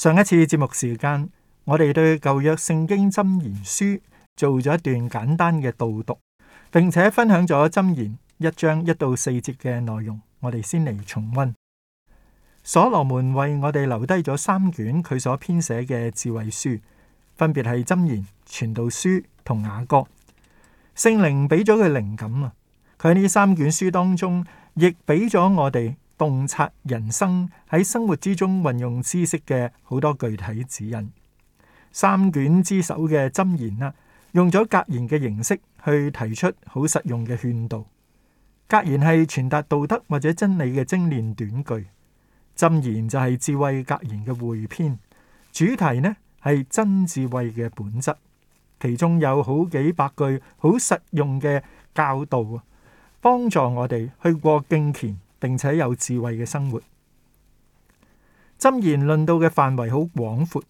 上一次節目時間，我哋對舊約聖經箴言書做咗一段簡單嘅導讀，並且分享咗箴言一章一到四節嘅內容。我哋先嚟重溫。所羅門為我哋留低咗三卷佢所編寫嘅智慧書，分別係箴言、傳道書同雅歌。聖靈俾咗佢靈感啊，佢喺呢三卷書當中，亦俾咗我哋。洞察人生喺生活之中運用知識嘅好多具體指引，三卷之首嘅箴言啦，用咗格言嘅形式去提出好實用嘅勸導。格言係傳達道德或者真理嘅精煉短句，箴言就係智慧格言嘅匯編。主題呢，係真智慧嘅本質，其中有好幾百句好實用嘅教導，幫助我哋去過敬虔並且有智慧嘅生活，箴言論道嘅範圍好廣闊，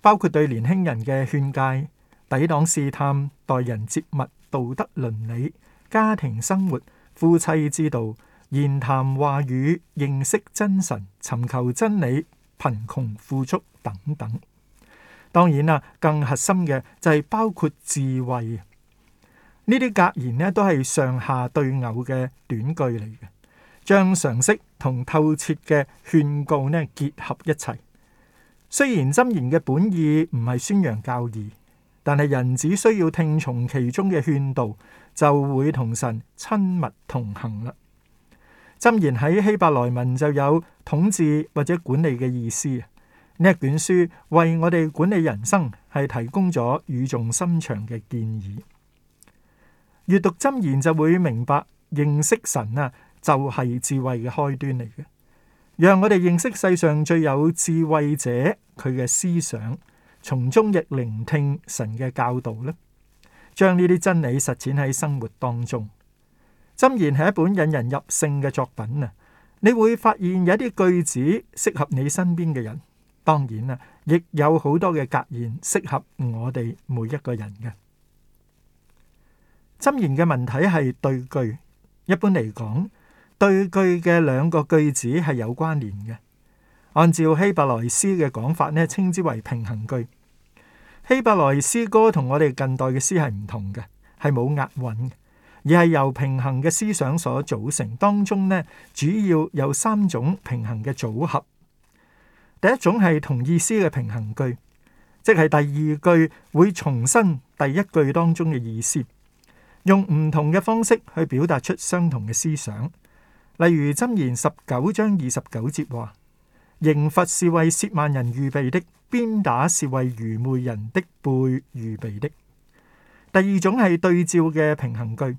包括對年輕人嘅勸誡、抵擋試探、待人接物、道德倫理、家庭生活、夫妻之道、言談話語、認識真神、尋求真理、貧窮富足等等。當然啦、啊，更核心嘅就係包括智慧。呢啲格言呢，都係上下對偶嘅短句嚟嘅。將常識同透徹嘅勸告呢，結合一齊。雖然箴言嘅本意唔係宣揚教義，但係人只需要聽從其中嘅勸導，就會同神親密同行啦。箴言喺希伯來文就有統治或者管理嘅意思。呢一卷書為我哋管理人生係提供咗語重心長嘅建議。閱讀箴言就會明白認識神啊。就係智慧嘅開端嚟嘅。讓我哋認識世上最有智慧者佢嘅思想，從中亦聆聽神嘅教導咧。將呢啲真理實踐喺生活當中，箴言係一本引人入勝嘅作品啊！你會發現有一啲句子適合你身邊嘅人，當然啦，亦有好多嘅格言適合我哋每一個人嘅。箴言嘅文體係對句，一般嚟講。對句嘅兩個句子係有關聯嘅。按照希伯來詩嘅講法咧，稱之為平衡句。希伯來詩歌同我哋近代嘅詩係唔同嘅，係冇押韻，而係由平衡嘅思想所組成。當中咧，主要有三種平衡嘅組合。第一種係同意思嘅平衡句，即係第二句會重申第一句當中嘅意思，用唔同嘅方式去表達出相同嘅思想。例如箴言十九章二十九節話，刑罰是為褻慢人預備的，鞭打是為愚昧人的背預備的。第二種係對照嘅平衡句，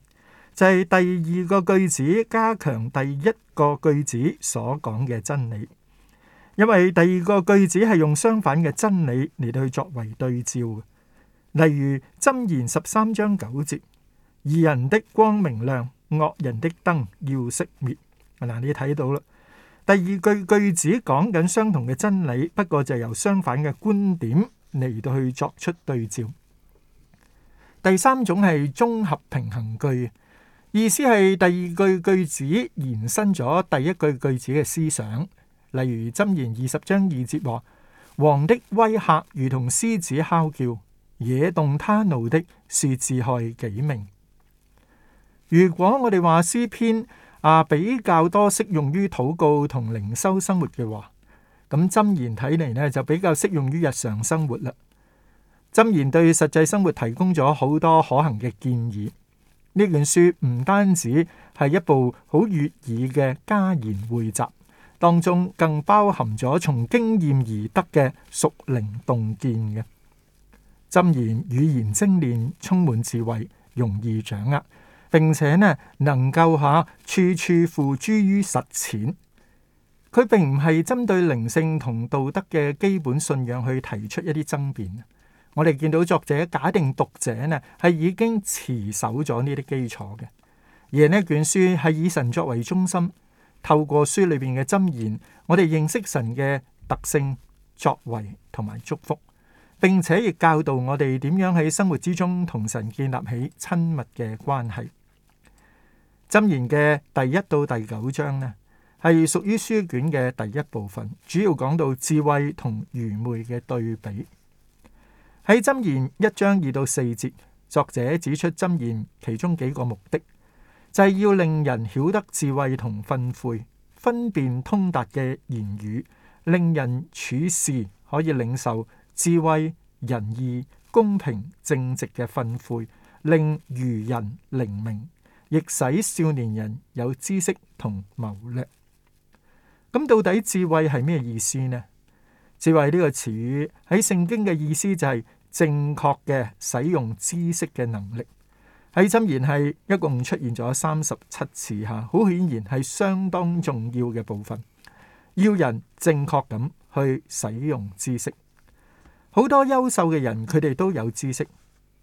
就係第二個句子加強第一個句子所講嘅真理，因為第二個句子係用相反嘅真理嚟到去作為對照嘅。例如箴言十三章九節，義人的光明亮，惡人的燈要熄滅。嗱，你睇到啦。第二句句子講緊相同嘅真理，不過就由相反嘅觀點嚟到去作出對照。第三種係綜合平衡句，意思係第二句句子延伸咗第一句句子嘅思想。例如《箴言》二十章二節話：王的威嚇如同獅子哮叫，惹動他怒的是自害己命。如果我哋話詩篇啊比較多適用於禱告同靈修生活嘅話，咁箴言睇嚟呢就比較適用於日常生活啦。箴言對實際生活提供咗好多可行嘅建議。呢本書唔單止係一部好悅耳嘅家言匯集，當中更包含咗從經驗而得嘅屬靈洞見嘅。箴言語言精煉，充滿智慧，容易掌握。並且呢，能夠下處處付諸於實踐。佢並唔係針對靈性同道德嘅基本信仰去提出一啲爭辯。我哋見到作者假定讀者呢係已經持守咗呢啲基礎嘅，而呢卷書係以神作為中心，透過書裏邊嘅箴言，我哋認識神嘅特性、作為同埋祝福。並且亦教導我哋點樣喺生活之中同神建立起親密嘅關係。箴言嘅第一到第九章呢，係屬於書卷嘅第一部分，主要講到智慧同愚昧嘅對比。喺箴言一章二到四節，作者指出箴言其中幾個目的，就係要令人曉得智慧同訓誨，分辨通達嘅言語，令人處事可以領受智慧、仁義、公平、正直嘅訓誨，令愚人靈明。亦使少年人有知識同謀略。咁到底智慧係咩意思呢？智慧呢個詞語喺聖經嘅意思就係正確嘅使用知識嘅能力。喺箴言係一共出現咗三十七次吓，好顯然係相當重要嘅部分，要人正確咁去使用知識。好多優秀嘅人，佢哋都有知識，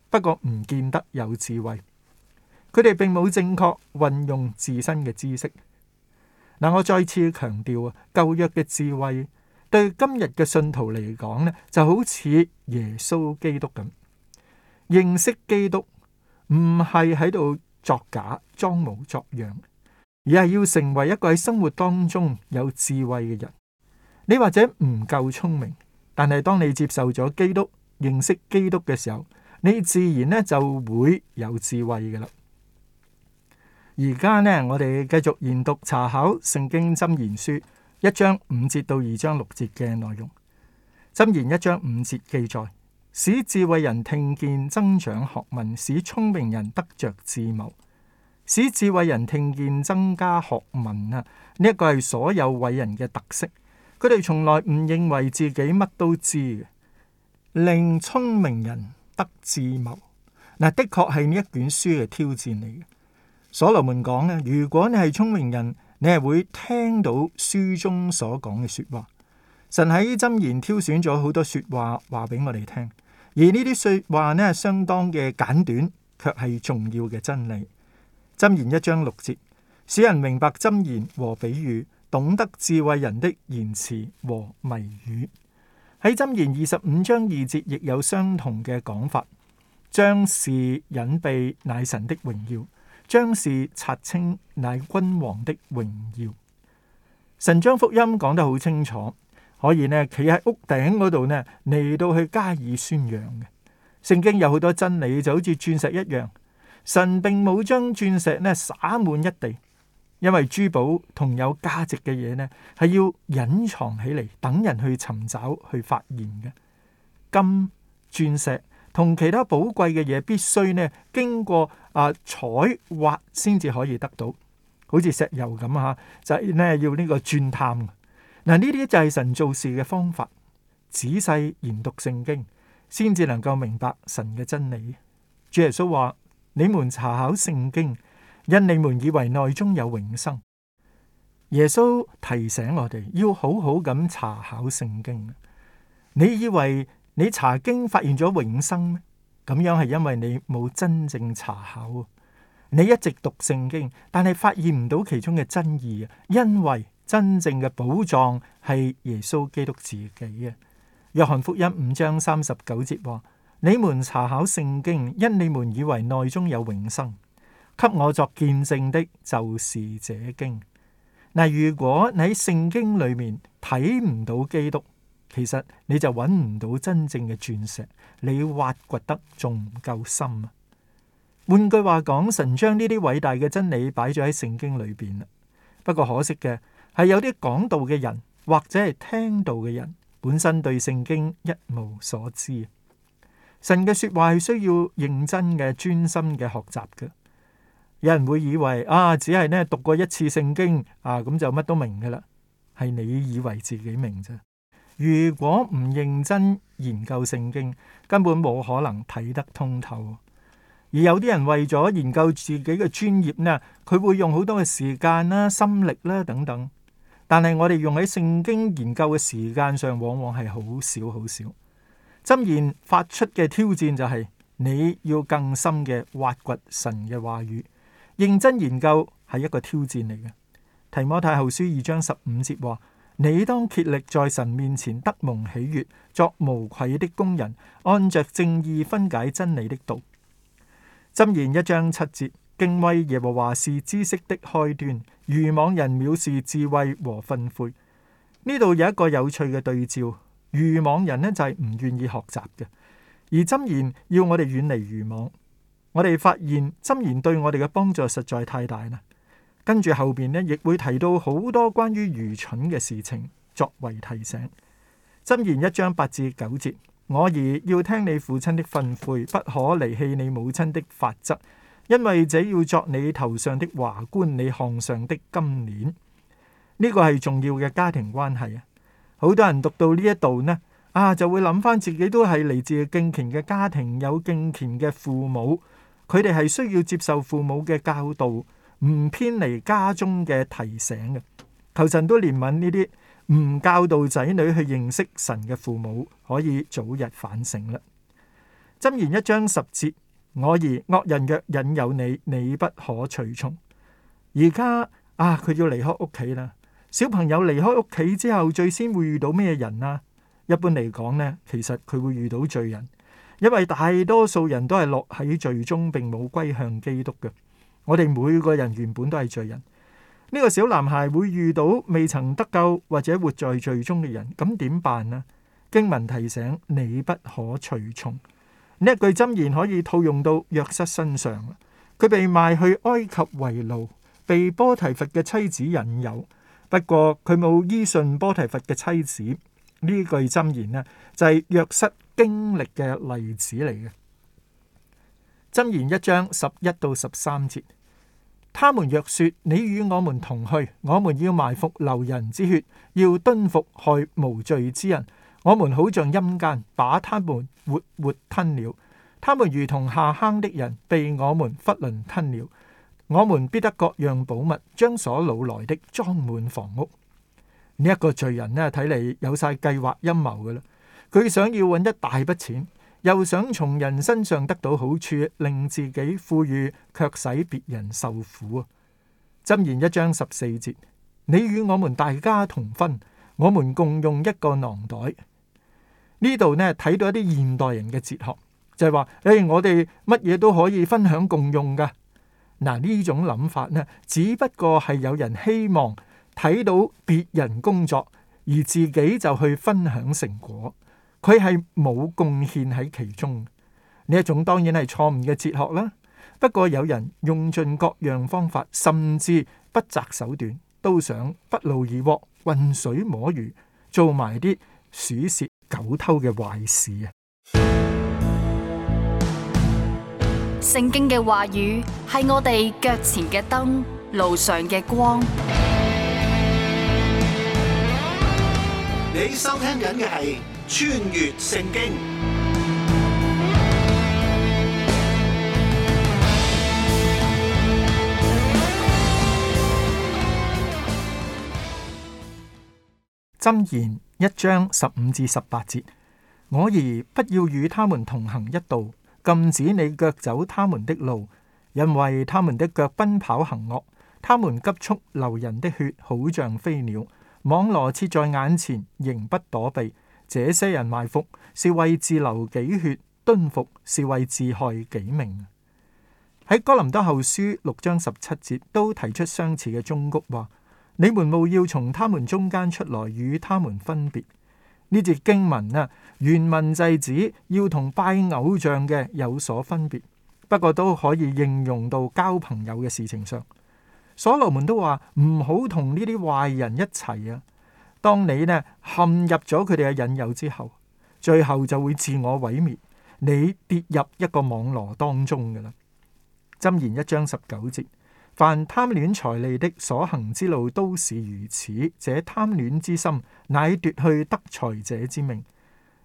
不過唔見得有智慧。佢哋並冇正確運用自身嘅知識。嗱，我再次強調啊，舊約嘅智慧對今日嘅信徒嚟講咧，就好似耶穌基督咁。認識基督唔係喺度作假、裝模作樣，而係要成為一個喺生活當中有智慧嘅人。你或者唔夠聰明，但係當你接受咗基督、認識基督嘅時候，你自然咧就會有智慧㗎喇。而家呢，我哋繼續研讀查考《聖經箴言書》一章五節到二章六節嘅內容。箴言一章五節記載：使智慧人聽見增長學問，使聰明人得着智謀，使智慧人聽見增加學問啊！呢一個係所有偉人嘅特色，佢哋從來唔認為自己乜都知嘅。令聰明人得智謀，嗱的確係呢一卷書嘅挑戰嚟嘅。所羅門講呢，如果你係聰明人，你係會聽到書中所講嘅說話。神喺箴言挑選咗好多說話話俾我哋聽，而呢啲說話呢，相當嘅簡短，卻係重要嘅真理。箴言一章六節，使人明白箴言和比喻，懂得智慧人的言辭和謎語。喺箴言二十五章二節，亦有相同嘅講法，將事隱秘乃神的榮耀。將事察清乃君王的榮耀。神將福音講得好清楚，可以呢，企喺屋頂嗰度呢，嚟到去加以宣揚嘅。聖經有好多真理，就好似鑽石一樣。神並冇將鑽石呢灑滿一地，因為珠寶同有價值嘅嘢呢係要隱藏起嚟，等人去尋找去發現嘅。金鑽石。同其他寶貴嘅嘢，必須呢經過啊採挖先至可以得到，好似石油咁吓、啊，就係、是、呢要呢個鑽探。嗱、啊，呢啲就係神做事嘅方法。仔細研讀聖經，先至能夠明白神嘅真理。主耶穌話：你們查考聖經，因你們以為內中有永生。耶穌提醒我哋要好好咁查考聖經。你以為？你查經發現咗永生咩？咁樣係因為你冇真正查考，你一直讀聖經，但係發現唔到其中嘅真義，因為真正嘅寶藏係耶穌基督自己啊！約翰福音五章三十九節話：你們查考聖經，因你們以為內中有永生，給我作見證的，就是這經。嗱，如果你喺聖經裏面睇唔到基督。其實你就揾唔到真正嘅鑽石，你挖掘得仲唔夠深啊？換句話講，神將呢啲偉大嘅真理擺咗喺聖經裏邊啦。不過可惜嘅係有啲講道嘅人或者係聽道嘅人，本身對聖經一無所知。神嘅說話係需要認真嘅、專心嘅學習嘅。有人會以為啊，只係呢讀過一次聖經啊，咁就乜都明噶啦。係你以為自己明啫。如果唔認真研究聖經，根本冇可能睇得通透。而有啲人為咗研究自己嘅專業呢，佢會用好多嘅時間啦、心力啦等等。但係我哋用喺聖經研究嘅時間上，往往係好少好少。箴言發出嘅挑戰就係、是，你要更深嘅挖掘神嘅話語，認真研究係一個挑戰嚟嘅。提摩太後書二章十五節話。你當竭力在神面前得蒙喜悦，作無愧的工人，按着正義分解真理的道。箴言一章七節，敬畏耶和華是知識的開端，愚妄人藐視智慧和訓誨。呢度有一個有趣嘅對照，愚妄人呢就係唔願意學習嘅，而箴言要我哋遠離愚妄。我哋發現箴言對我哋嘅幫助實在太大啦。跟住後邊呢，亦會提到好多關於愚蠢嘅事情，作為提醒。箴言一章八至九節，我兒要聽你父親的訓誨，不可離棄你母親的法則，因為這要作你頭上的華冠，你項上的金鏈。呢個係重要嘅家庭關係啊！好多人讀到呢一度呢，啊，就會諗翻自己都係嚟自敬虔嘅家庭，有敬虔嘅父母，佢哋係需要接受父母嘅教導。唔偏離家中嘅提醒嘅，求神都憐憫呢啲唔教導仔女去認識神嘅父母，可以早日反省啦。箴言一章十節，我兒惡人若引誘你，你不可隨從。而家啊，佢要離開屋企啦。小朋友離開屋企之後，最先會遇到咩人啊？一般嚟講呢，其實佢會遇到罪人，因為大多數人都係落喺罪中，並冇歸向基督嘅。我哋每個人原本都係罪人，呢個小男孩會遇到未曾得救或者活在罪中嘅人，咁點辦啊？經文提醒你不可隨從，呢一句箴言可以套用到約瑟身上，佢被賣去埃及為奴，被波提佛嘅妻子引誘，不過佢冇依信波提佛嘅妻子。呢句箴言呢，就係約瑟經歷嘅例子嚟嘅。箴言一章十一到十三節。他們若說，你與我們同去，我們要埋伏流人之血，要蹲伏害無罪之人，我們好像陰間，把他們活活吞了。他們如同下坑的人，被我們囫圇吞了。我們必得各樣寶物，將所擄來的裝滿房屋。呢、這、一個罪人呢，睇嚟有晒計劃陰謀㗎喇，佢想要揾一大筆錢。又想從人身上得到好處，令自己富裕，卻使別人受苦啊！箴言一章十四節：你與我們大家同分，我們共用一個囊袋。呢度呢，睇到一啲現代人嘅哲學，就係話：誒，我哋乜嘢都可以分享共用噶。嗱，呢種諗法呢，只不過係有人希望睇到別人工作，而自己就去分享成果。佢係冇貢獻喺其中，呢一種當然係錯誤嘅哲學啦。不過有人用盡各樣方法，甚至不擇手段，都想不勞而獲、渾水摸魚，做埋啲鼠竊狗偷嘅壞事啊！聖經嘅話語係我哋腳前嘅燈，路上嘅光。你收聽緊嘅係。穿越聖經箴言一章十五至十八節，我兒不要與他們同行一道，禁止你腳走他們的路，因為他們的腳奔跑行惡，他們急速流人的血，好像飛鳥，網羅設在眼前，仍不躲避。這些人埋伏，是為自流己血，蹲伏，是為自害己命。喺哥林多後書六章十七節都提出相似嘅忠告，話你們務要從他們中間出來，與他們分別。呢節經文啊，原文係指要同拜偶像嘅有所分別，不過都可以應用到交朋友嘅事情上。所羅門都話唔好同呢啲壞人一齊啊。當你呢，陷入咗佢哋嘅引誘之後，最後就會自我毀滅。你跌入一個網羅當中嘅啦。箴言一章十九節：凡貪戀財利的所行之路都是如此。這貪戀之心，乃奪去得財者之命。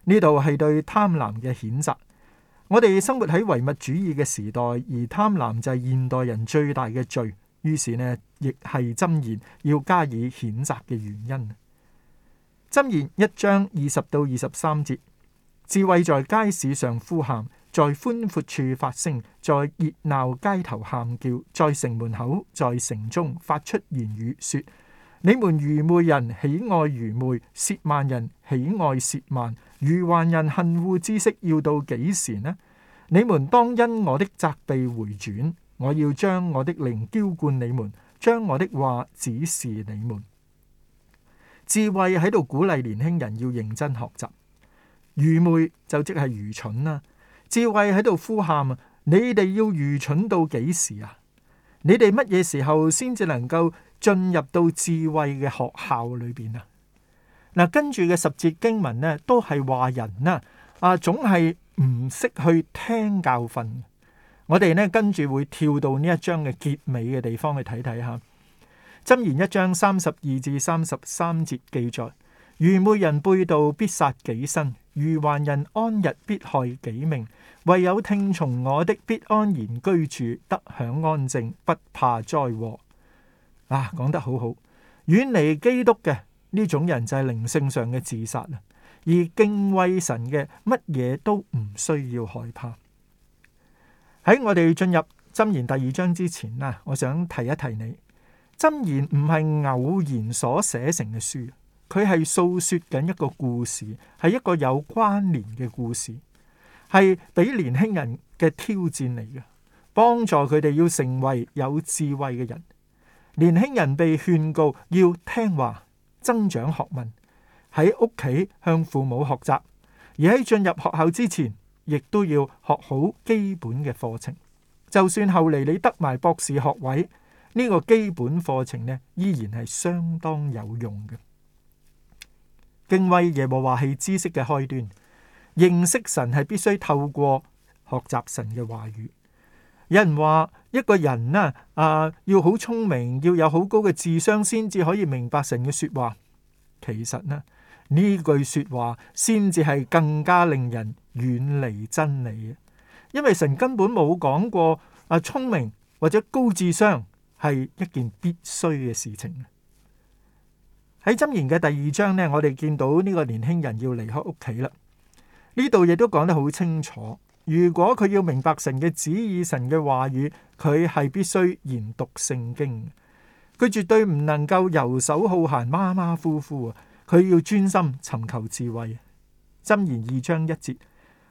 呢度係對貪婪嘅譴責。我哋生活喺唯物主義嘅時代，而貪婪就係現代人最大嘅罪。於是呢，亦係箴言要加以譴責嘅原因。箴言一章二十到二十三節：智慧在街市上呼喊，在寬闊處發聲，在熱鬧街頭喊叫，在城門口、在城中發出言語，說：你們愚昧人喜愛愚昧，褻慢人喜愛褻慢，愚頑人恨惡知識，要到幾時呢？你們當因我的責備回轉，我要將我的靈澆灌你們，將我的話指示你們。智慧喺度鼓勵年輕人要認真學習，愚昧就即係愚蠢啦。智慧喺度呼喊啊，你哋要愚蠢到幾時啊？你哋乜嘢時候先至能夠進入到智慧嘅學校裏邊啊？嗱，跟住嘅十節經文呢都係話人啦，啊，總係唔識去聽教訓。我哋呢，跟住會跳到呢一章嘅結尾嘅地方去睇睇下。箴言一章三十二至三十三節記載：愚昧人背道必殺己身，愚頑人安逸，必害己命。唯有聽從我的，必安然居住，得享安靜，不怕災禍。啊，講得好好！遠離基督嘅呢種人就係靈性上嘅自殺啦。而敬畏神嘅，乜嘢都唔需要害怕。喺我哋進入箴言第二章之前啊，我想提一提你。箴言唔係偶然所寫成嘅書，佢係訴說緊一個故事，係一個有關聯嘅故事，係俾年輕人嘅挑戰嚟嘅，幫助佢哋要成為有智慧嘅人。年輕人被勸告要聽話，增長學問，喺屋企向父母學習，而喺進入學校之前，亦都要學好基本嘅課程。就算後嚟你得埋博士學位。呢個基本課程呢，依然係相當有用嘅。敬畏耶和華係知識嘅開端，認識神係必須透過學習神嘅話語。有人話一個人呢、啊，啊要好聰明，要有好高嘅智商，先至可以明白神嘅說話。其實呢，呢句說話先至係更加令人遠離真理，因為神根本冇講過啊聰明或者高智商。係一件必須嘅事情。喺《箴言》嘅第二章呢，我哋見到呢個年輕人要離開屋企啦。呢度亦都講得好清楚，如果佢要明白神嘅旨意、神嘅話語，佢係必須研讀聖經。佢絕對唔能夠遊手好閒、馬馬虎虎啊！佢要專心尋求智慧。《箴言》二章一節：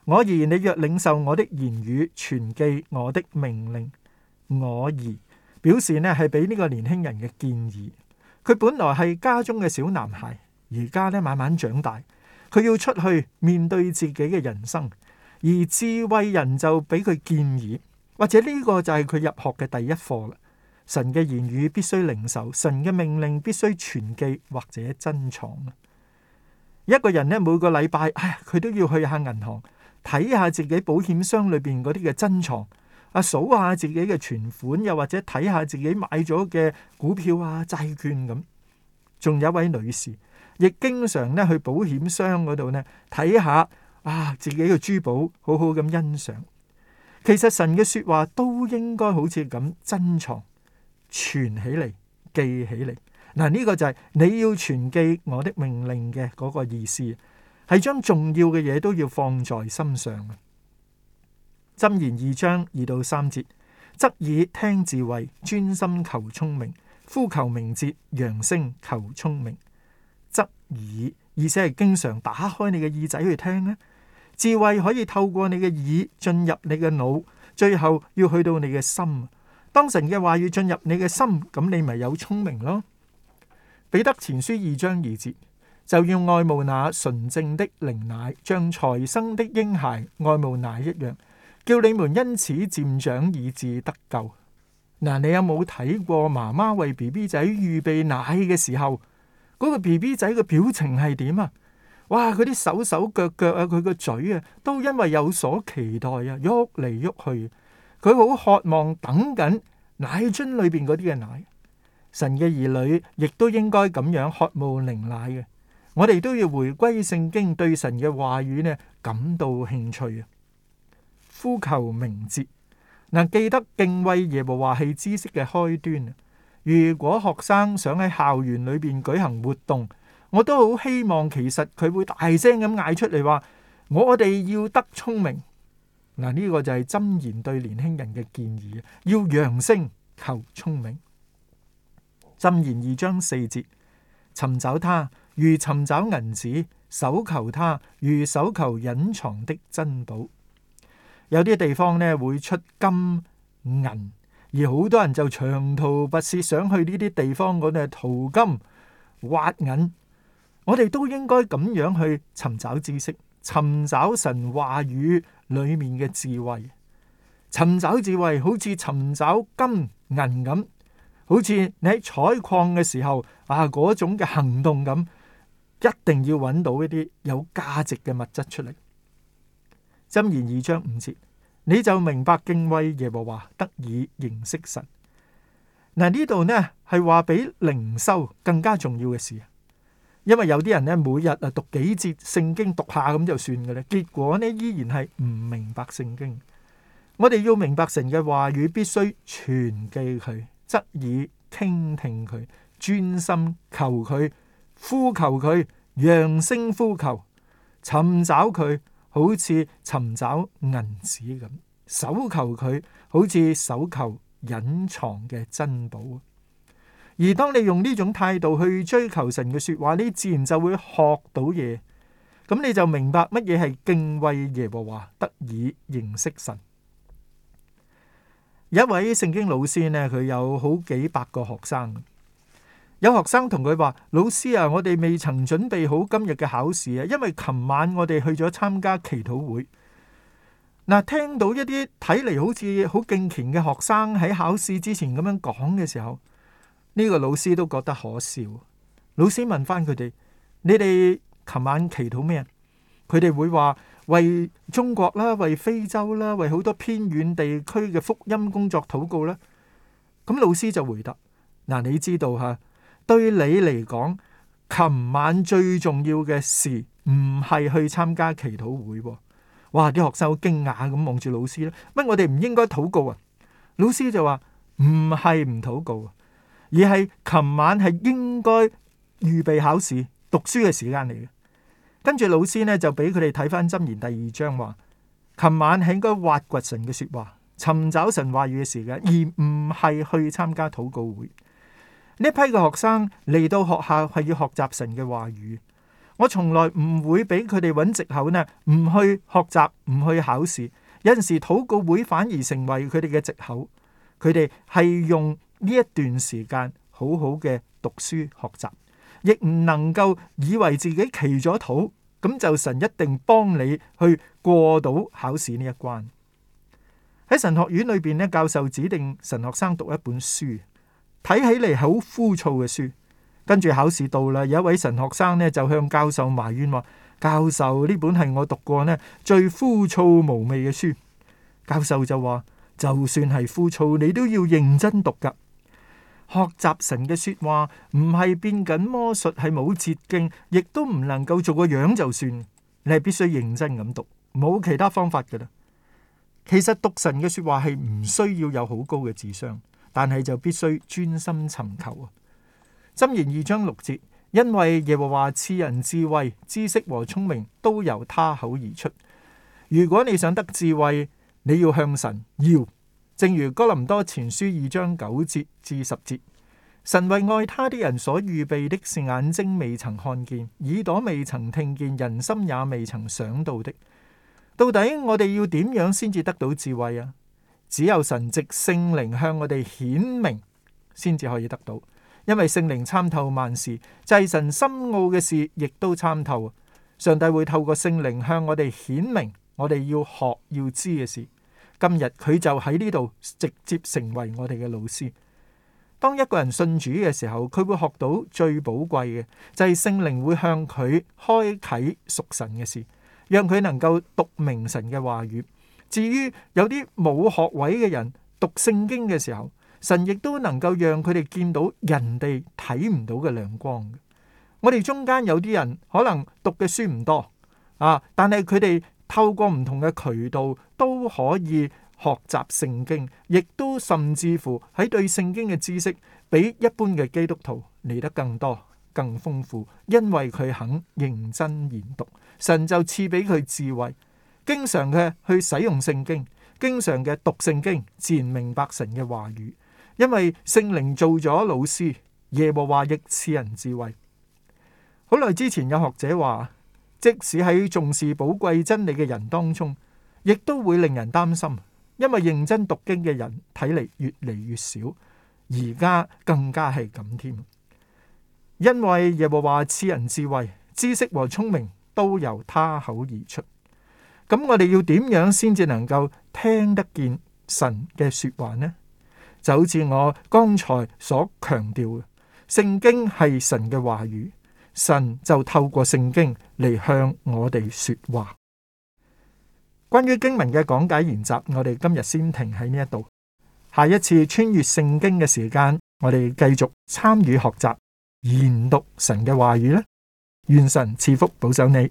我兒你若領受我的言語，存記我的命令，我兒。表示咧，係俾呢個年輕人嘅建議，佢本來係家中嘅小男孩，而家咧慢慢長大，佢要出去面對自己嘅人生，而智慧人就俾佢建議，或者呢個就係佢入學嘅第一課啦。神嘅言語必須領受，神嘅命令必須存記或者珍藏。一個人咧每個禮拜，哎，佢都要去下銀行睇下自己保險箱裏邊嗰啲嘅珍藏。啊數下自己嘅存款，又或者睇下自己買咗嘅股票啊、債券咁。仲有一位女士，亦經常咧去保險箱嗰度呢睇下啊，自己嘅珠寶，好好咁欣賞。其實神嘅說話都應該好似咁珍藏、存起嚟、記起嚟。嗱、啊、呢、呢個就係你要存記我的命令嘅嗰個意思，係將重要嘅嘢都要放在心上。針言，二章二到三節，則以聽智慧，專心求聰明。夫求明節，揚聲求聰明，則耳。而且係經常打開你嘅耳仔去聽呢，智慧可以透過你嘅耳進入你嘅腦，最後要去到你嘅心。當神嘅話要進入你嘅心，咁你咪有聰明咯。彼得前書二章二節，就要愛慕那純正的靈奶，像財生的嬰孩愛慕奶一樣。叫你們因此漸長，以致得救。嗱，你有冇睇過媽媽為 B B 仔預備奶嘅時候，嗰個 B B 仔嘅表情係點啊？哇，佢啲手手腳腳啊，佢個嘴啊，都因為有所期待啊，喐嚟喐去，佢好渴望等緊奶樽裏邊嗰啲嘅奶。神嘅兒女亦都應該咁樣渴慕靈奶嘅。我哋都要回歸聖經，對神嘅話語呢感到興趣啊！呼求明哲。嗱，記得敬畏耶和華係知識嘅開端。如果學生想喺校園裏邊舉行活動，我都好希望其實佢會大聲咁嗌出嚟話：我哋要得聰明嗱。呢、這個就係箴言對年輕人嘅建議，要揚聲求聰明。箴言二章四節：尋找他如尋找銀子，搜求他如搜求隱藏的珍寶。有啲地方呢會出金銀，而好多人就長途跋涉想去呢啲地方嗰度淘金挖銀。我哋都應該咁樣去尋找知識，尋找神話語裏面嘅智慧。尋找智慧好似尋找金銀咁，好似你喺採礦嘅時候啊嗰種嘅行動咁，一定要揾到一啲有價值嘅物質出嚟。箴言二章五節，你就明白敬畏耶和華，得以認識神。嗱，呢度呢係話比靈修更加重要嘅事，因為有啲人呢每日啊，讀幾節聖經讀下咁就算嘅咧，結果呢依然係唔明白聖經。我哋要明白神嘅話語，必須全記佢，側耳、傾聽佢，專心求佢，呼求佢，揚聲呼求，尋找佢，好似尋找銀子咁，搜求佢，好似搜求隱藏嘅珍寶。而當你用呢種態度去追求神嘅說話，你自然就會學到嘢。咁你就明白乜嘢係敬畏耶和華，得以認識神。一位聖經老師呢，佢有好幾百個學生。有學生同佢話：老師啊，我哋未曾準備好今日嘅考試啊，因為琴晚我哋去咗參加祈禱會。嗱、啊，聽到一啲睇嚟，好似好敬虔嘅學生喺考試之前咁樣講嘅時候，呢個老師都覺得可笑。老師問翻佢哋：你哋琴晚祈禱咩啊？佢哋會話為中國啦，為非洲啦，為好多偏遠地區嘅福音工作禱告啦。咁、啊、老師就回答：嗱、啊，你知道吓、啊？對你嚟講，琴晚最重要嘅事唔係去參加祈禱會喎、哦。哇！啲學生好驚訝咁望住老師咧。乜我哋唔應該禱告啊？老師就話唔係唔禱告啊，而係琴晚係應該預備考試、讀書嘅時間嚟嘅。跟住老師呢，就俾佢哋睇翻《箴言》第二章話，琴晚係應該挖掘神嘅說話，尋找神話語嘅時間，而唔係去參加禱告會。呢批嘅學生嚟到學校係要學習神嘅話語。我從來唔會俾佢哋揾藉口呢，唔去學習，唔去考試。有陣時禱告會反而成為佢哋嘅藉口。佢哋係用呢一段時間好好嘅讀書學習，亦唔能夠以為自己祈咗禱，咁就神一定幫你去過到考試呢一關。喺神學院裏邊呢，教授指定神學生讀一本書。睇起嚟好枯燥嘅書，跟住考試到啦，有一位神學生呢就向教授埋怨話：教授呢本係我讀過呢最枯燥無味嘅書。教授就話：就算係枯燥，你都要認真讀噶。學習神嘅說話唔係變緊魔術，係冇捷徑，亦都唔能夠做個樣就算。你係必須認真咁讀，冇其他方法㗎喇。其實讀神嘅說話係唔需要有好高嘅智商。但係就必須專心尋求啊！箴言二章六節，因為耶和華賜人智慧、知識和聰明，都由他口而出。如果你想得智慧，你要向神要。正如哥林多前書二章九節至十節，神為愛他的人所預備的是眼睛未曾看見、耳朵未曾聽見、人心也未曾想到的。到底我哋要點樣先至得到智慧啊？只有神藉聖靈向我哋顯明，先至可以得到。因為聖靈參透萬事，祭神深奧嘅事，亦都參透。上帝會透過聖靈向我哋顯明我哋要學要知嘅事。今日佢就喺呢度直接成為我哋嘅老師。當一個人信主嘅時候，佢會學到最寶貴嘅，就係聖靈會向佢開啟屬神嘅事，讓佢能夠讀明神嘅話語。至於有啲冇學位嘅人讀聖經嘅時候，神亦都能夠讓佢哋見到人哋睇唔到嘅亮光。我哋中間有啲人可能讀嘅書唔多啊，但係佢哋透過唔同嘅渠道都可以學習聖經，亦都甚至乎喺對聖經嘅知識比一般嘅基督徒嚟得更多、更豐富，因為佢肯認真研讀，神就賜俾佢智慧。經常嘅去使用聖經，經常嘅讀聖經，自然明白神嘅話語。因為聖靈做咗老師，耶和華亦賜人智慧。好耐之前有學者話，即使喺重視寶貴真理嘅人當中，亦都會令人擔心，因為認真讀經嘅人睇嚟越嚟越少，而家更加係咁添。因為耶和華賜人智慧，知識和聰明都由他口而出。咁我哋要點樣先至能夠聽得見神嘅說話呢？就好似我剛才所強調嘅，聖經係神嘅話語，神就透過聖經嚟向我哋說話。關於經文嘅講解研習，我哋今日先停喺呢一度。下一次穿越聖經嘅時間，我哋繼續參與學習研讀神嘅話語咧。願神賜福保守你。